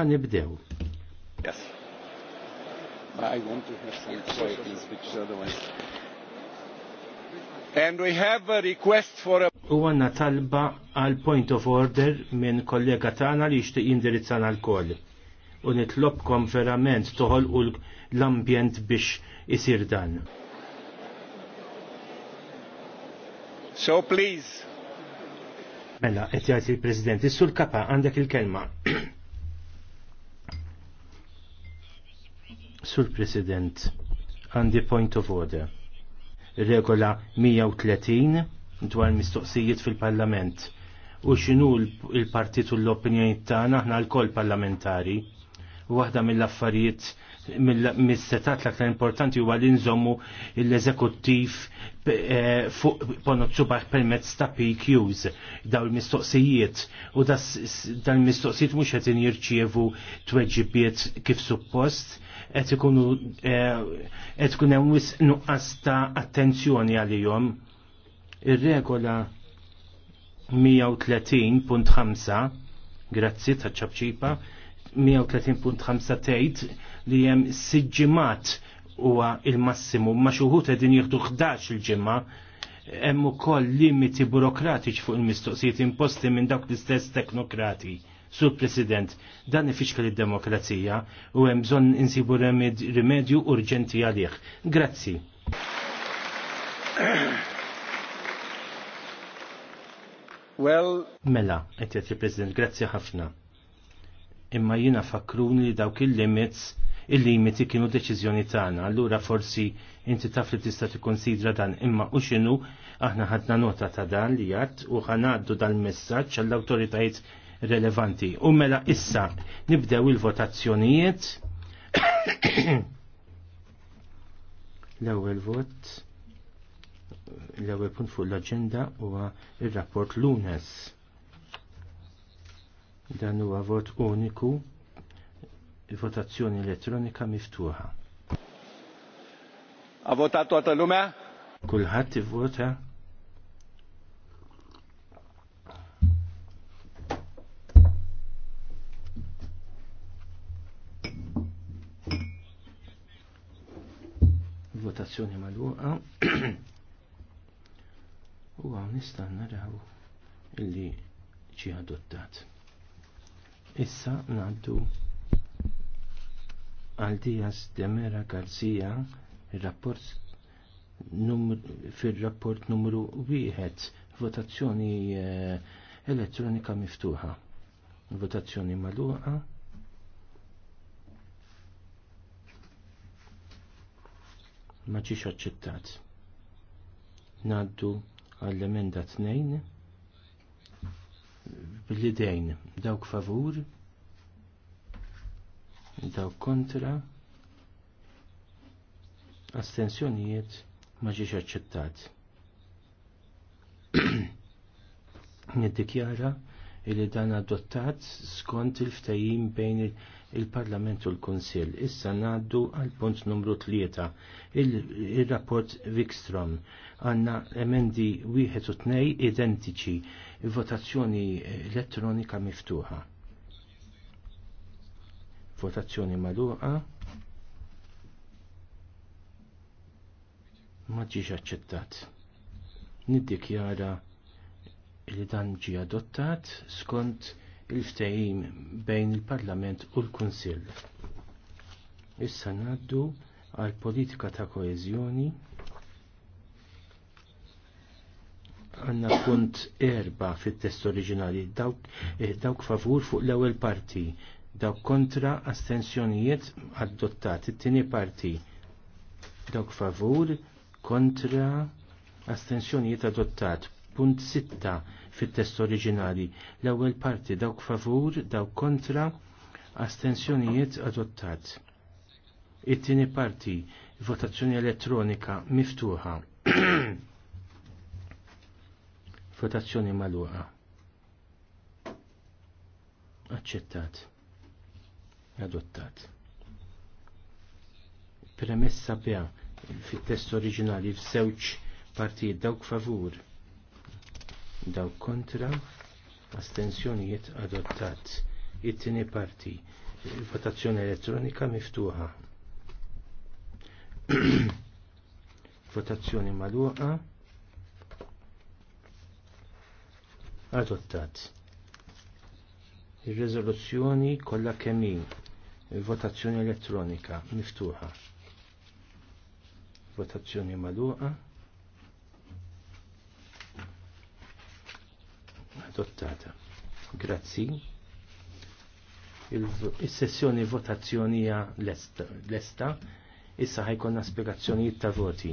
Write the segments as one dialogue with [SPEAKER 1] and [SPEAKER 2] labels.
[SPEAKER 1] ħanibdew. Yes. I want to have some quietness because otherwise. And we have a request for a U għanna talba għal point of order minn kollega tagħna li jixtieq jindirizzana l-koll. U nitlobkom verament toħolqu l-ambjent biex isir dan. So please. Mela, qed jagħti il-President, is-sur kapa għandek il-kelma. Sur President, għandi point of order. Regola 130 dwar mistoqsijiet fil-Parlament. U xinu l-partitu l-opinjoni tagħna aħna l-kol parlamentari waħda mill-affarijiet mis-setat l-aktar importanti huwa li nżommu l-eżekuttiv eh, fuq ponot baħ permezz ta' PQs daw il-mistoqsijiet u dan il-mistoqsijiet mhux qed jirċievu tweġibiet kif suppost qed eh, ikun hemm wisq nuqqas ta' attenzjoni għalihom. Ir-regola 130.5 grazzi ta' ċabċipa 130.5 tgħid li hemm siġimat huwa il-massimu ma xuħut edin jieħdu 11 il-ġimgħa hemm ukoll limiti burokratiċi fuq il-mistoqsijiet imposti minn dawk l-istess teknokrati. Sur President, dan ifixkel id-demokrazija u hemm bżonn insibu rimedju urġenti għalih. Grazzi. Well, mela, għetjet il-President, grazzi ħafna imma jina fakruni li dawk il-limits il-limiti kienu deċiżjoni tagħna, allura forsi inti taf li tista' tikkonsidra dan imma u x'inhu aħna ħadna nota ta' dan li għadd u ħanaddu dal-messaġġ għall-awtoritajiet relevanti. U mela issa nibdew il-votazzjonijiet. L-ewwel vot l-ewwel punt fuq l-aġenda huwa ir-rapport Lunes. Dan huwa vot uniku votazzjoni elettronika miftuħa. Ha votato tutta lumea? Kulħadd ivvota. votazzjoni mal-luqa u għaw nistan naraw illi ċi adottat. Issa naddu għal Dias Demera il rapport fil-rapport numru wieħed votazzjoni eh, elettronika miftuħa. Votazzjoni maluqa. Ma ġiex aċċettat. Naddu għall-emenda 2 l-idejn dawk favur dawk kontra astensjonijiet ma ġiex aċċettat. Niddikjara li dan adottat skont il-ftajim bejn il-Parlament u l-Konsil. Issa naddu għal punt numru 3, il-rapport Wikstrom. Għanna emendi 1 u 2 identiċi votazzjoni elettronika miftuħa. Votazzjoni magħluqa. Ma ġiġ aċċettat. Niddikjara li dan ġie adottat skont il-ftehim bejn il-Parlament u l-Kunsill. Issa ngħaddu għal politika ta' koeżjoni għanna punt erba fit-test oriġinali dawk, eh, dawk favur fuq l-ewwel parti dawk kontra astensjonijiet adottat it-tieni parti dawk favur kontra astensjonijiet adottat punt sitta fit-test oriġinali l-ewwel parti dawk favur dawk kontra astensjonijiet adottat it-tieni parti votazzjoni elettronika miftuħa Votazzjoni maluqa. Accettat. Adottat. Premessa bea fit-test oriġinali f'żewġ partijiet dawk favur, dawk kontra, astensjonijiet adottat. It-tieni parti, votazzjoni elettronika miftuħa. votazzjoni maluqa. adottat. Ir-riżoluzzjoni kollha kemm il votazzjoni elettronika miftuħa. Votazzjoni magħluqa. Adottata. Grazzi. Il-sessjoni il votazzjoni hija lesta. Issa ħajkonna spiegazzjonijiet ta' voti.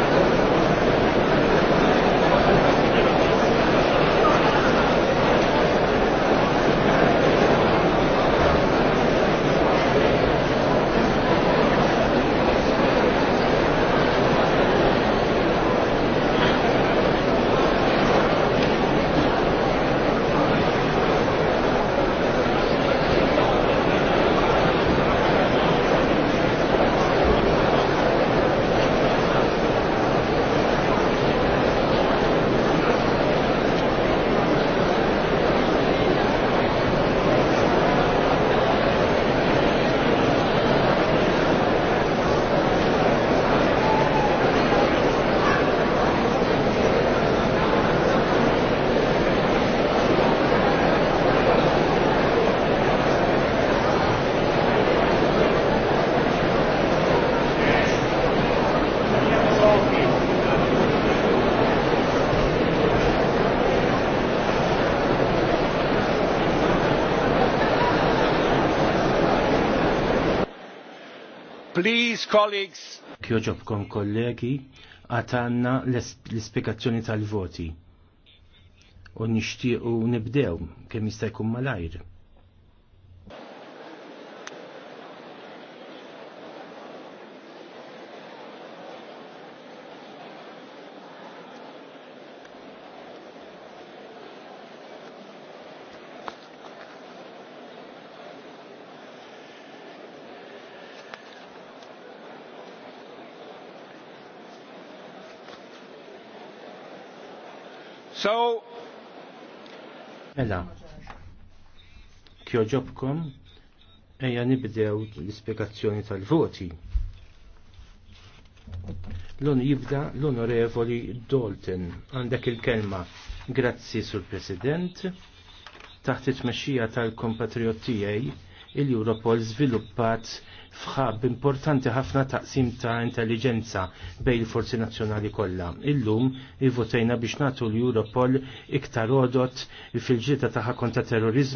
[SPEAKER 1] Please, colleagues. Kjoġobkom kollegi, għatanna l-spiegazzjoni tal-voti. U nishtiqu nibdew kemm jista' jkun malajr. So. Mela. Kjoġobkom eja nibdew l-ispiegazzjoni tal-voti. l un jibda l-onorevoli Dalton. Għandek il-kelma. Grazzi sul-President. Taħt it-mexxija tal-kompatriot il-Europol żviluppat fħab importanti ħafna taqsim ta' intelligenza bej il-forzi nazzjonali kollha. Illum ivvotejna biex nagħtu l-Europol iktar odot fil-ġita taħakon kontra terrorizmu.